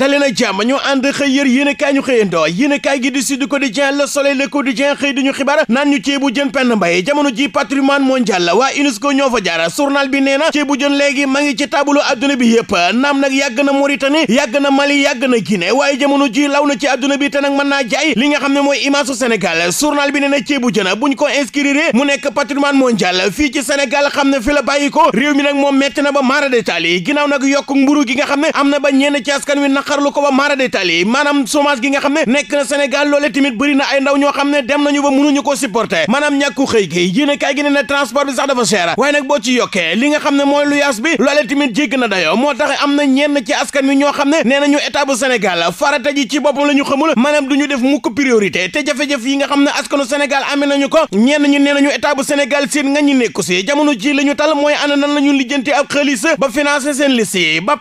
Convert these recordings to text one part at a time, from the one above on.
dale na jàmm ñu ànd xëy yër yéen a kaay ñu xëyandoo yéen a kaay gi di Sud Quotidien Le Soleil Le Quotidien xëy duñu xibaar naan ñu ceebu jën Penda Mbaye jamono ji patrimoine mondial la waa UNESCO ñoo fa jaara journal bi nee na ceebu jën léegi ma ngi ci taabulu adduna bi yëpp naam nag yàgg na Mauritanie yàgg na Mali yàgg na Guinée waaye jamono ji law na ci adduna bi te nag mën naa jaay li nga xam ne mooy image Sénégal journal bi nee na ceebu jën buñ ko inscrire mu nekk patrimoine mondial fii ci Sénégal xam ne fi la bàyyi ko réew mi nag moom metti na ba maara détail yi ginnaaw nag yokk mburu gi nga xam ne am na ba ñenn ci askan wi naqarlu ko ba maara détail yi maanaam chômage gi nga xam ne nekk na Sénégal loole tamit bëri ay ndaw ñoo xam ne dem nañu ba mënuñu ko supporter maanaam ñàkku xëy gi yéene kaay gi ne ne transport bi sax dafa cher waaye nag boo ci yokkee li nga xam ne mooy lu yaas bi loole tamit jégg na dayo moo tax am na ñenn ci askan wi ñoo xam ne ne nañu état bu Sénégal farata ji ci boppam la ñu xamul maanaam du ñu def mukk priorité te jafe-jafe yi nga xam ne askanu Sénégal amee nañu ko ñenn ñu nee nañu état bu Sénégal seen nga ñu nekku si jamono ji la ñu tal mooy ana nan la ñu lijjanti ab xaalis ba financer seen liste ba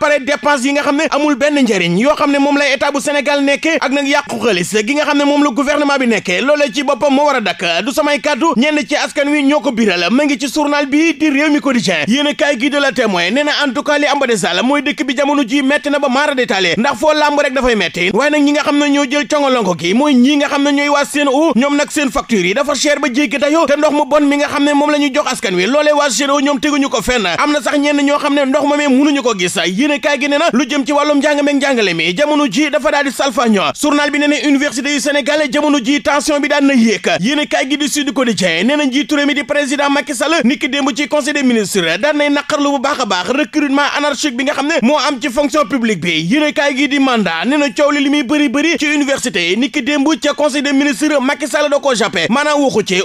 yi nga xam ne amul benn njëriñ yoo xam ne moom lay état bu Sénégal nekke ak nag yàqu xaalis gi nga xam ne moom la gouvernement bi nekke loolee ci boppam moo war a dakk du samay kàddu ñenn ci askan wi ñoo ko biral ma ngi ci journal bi di réew mi quotidien yéen a kaay gi de la témoin nee na en tout cas li am ba des daal mooy dëkk bi jamono ji metti na ba maara détaillé ndax foo làmb rek dafay metti waaye nag ñi nga xam ne ñoo jël congolonko gi mooy ñi nga xam ne ñooy waa Sen'Eau yi dafa cher ba jéggi dayo te ndox mu bon mi nga ne moom la ñuy jox askan wi loolee waa Sen'Eau ñoom teguñu ko fenn am na sax ñenn ñoo xam ne ndox ma mee ko gis yéen a na lu jëm ci wàllum njàng njàngale mi ji dafa daal di salfaño bi nee université yu Sénégal jamono ji tension bi daan na yéeg yéen kaay gi di Sud Quotidien nee na njiitu réew mi di président Macky Sall niki démb ci conseil des daan nay naqarlu bu baax baax recrutement anarchique bi nga xam ne moo am ci fonction publique bi yéen kaay gi di mandat nee coow li bëri bëri ci université yi niki démb ci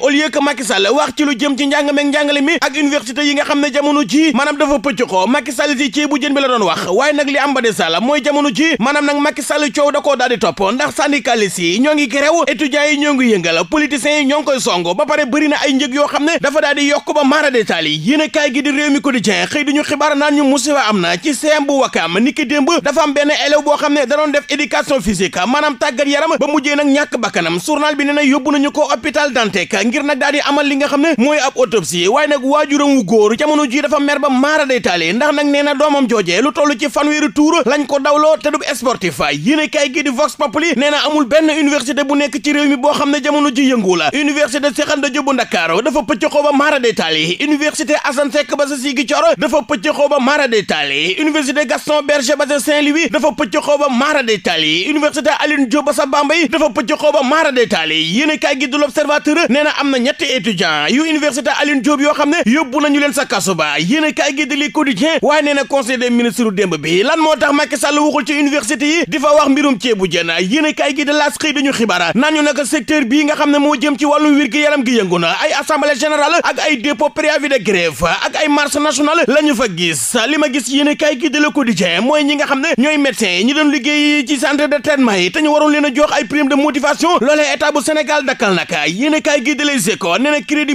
au lieu que Macky Sall wax ci lu ci njàng meeg njàngale la doon wax waaye nag yi maanaam nag Macky Sall coow da koo daal di topp ndax syndicalistes yi ñoo ngi gréw étudiants yi ñoo yi ñoo ngi koy songo ba pare bëri na ay njëg yoo xam ne dafa daal yokk ba maara détaal yi yéen a kaay gi di réew mi quotidien xëy di ñu xibaar naan ñu musiba am na ci CEM bu Wakam niki démb dafa am benn boo xam ne da doon def éducation physique maanaam tàggat yaram ba mujjee nag ñàkk bakkanam journal bi nee na yóbbu nañu ko hôpital Dantec ngir nag daal di amal li nga xam ne mooy ab autopsie waaye nag waajuram wu góor jamono ji dafa mer ba maara détaal yi ndax nag nee na doomam joojee lu toll ci fanweeri tuur lañ ko dawloo wàllub sportif yéene kaay gi di Vox Populi nee na amul benn université bu nekk ci réew mi boo xam ne jamono ji yëngu la université Cheikh Anta Ndakaaru dafa pëcc xoo ba maara détaal yi université Assane Seck ba sa Ziguinchor dafa pëcc xoo université Gaston Berger ba sa Saint-Louis dafa pëcc xoo ba ba sa Bambey dafa pëcc xoo ba maara détaal yi yéene kaay gi du L'Observateur nee na am na ñetti étudiant yu université Alioune Diop yoo xam ne yóbbu nañu leen sa kaso université yi di fa wax mbirum ceebu jën yéene kaay gi de laas xëy dañu xibaar naan ñu nag secteur bii nga xam ne moo jëm ci wàllum wér-gi-yaram gi yëngu na ay assemblée générale ak ay dépôt préavis de grève ak ay marche nationale la fa gis li ma gis yéene kaay gi de Le Quotidien mooy ñi nga xam ne ñooy médecin ñi doon liggéey ci centre de traitement yi te ñu waroon leen jox ay prime de motivation loolee état bu Sénégal dakkal nag yéene kaay gi de Les Échos nee na crédit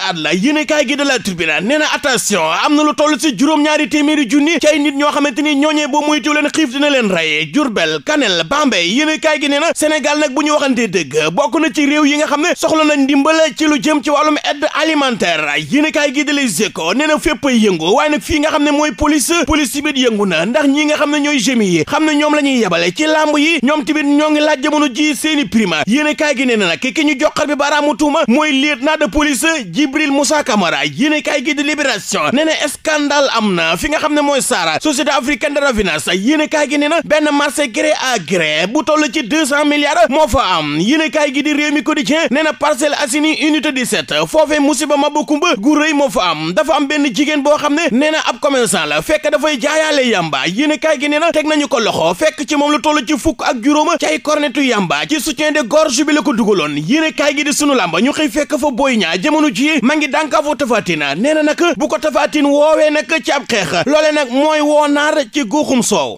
at la yéenekaay gi de la Tribune nee attention am na lu toll si juróom-ñaari téeméeri junni ci nit ñoo xamante ni ñooñee boo moytuwu leen xiif dina leen rey Jurbel Kanel Bambey yéenekaay gi nee na Sénégal nag bu ñu waxantee dëgg bokk na ci réew yi nga xam ne soxla nañ ndimbal ci lu jëm ci wàllum aide alimentaire yéenekaay gi de Les Échos nee na fépp ay yëngu waaye nag fii nga xam ne mooy police police tamit yëngu na ndax ñi nga xam ne ñooy gémi yi xam ne ñoom la ñuy yebale ci làmb yi ñoom tamit ñoo ngi laaj jamono ji seeni prima yéenekaay gi nee na nag ki ñu joxar bi baaraamu tuuma mooy lieutenant de ji Jibril Moussa Camara yéene kaay gi di Libération nee na scandale am na fi nga xam ne mooy Sahara société africaine de raffinage yéene kaay gi nee na benn marché gré à gré bu toll ci deux moo fa am yéene kaay gi di Rewmi Quotidien nee na Parcelles Assainies unité 17 foofee musiba ma bu kumba gu rëy moo fa am dafa am benn jigéen boo xam ne nee na ab commerçant la fekk dafay jaayaale yamba yéene kaay gi nee na teg nañu ko loxo fekk ci moom lu toll ci fukk ak juróoma cay cornetu yamba ci soutien de gorge bi ma ngi dànkaafu tafaatina nee na nag bu ko tafaatin woowee nag ci ab xeex loole nag mooy woo naar ci guuxum soow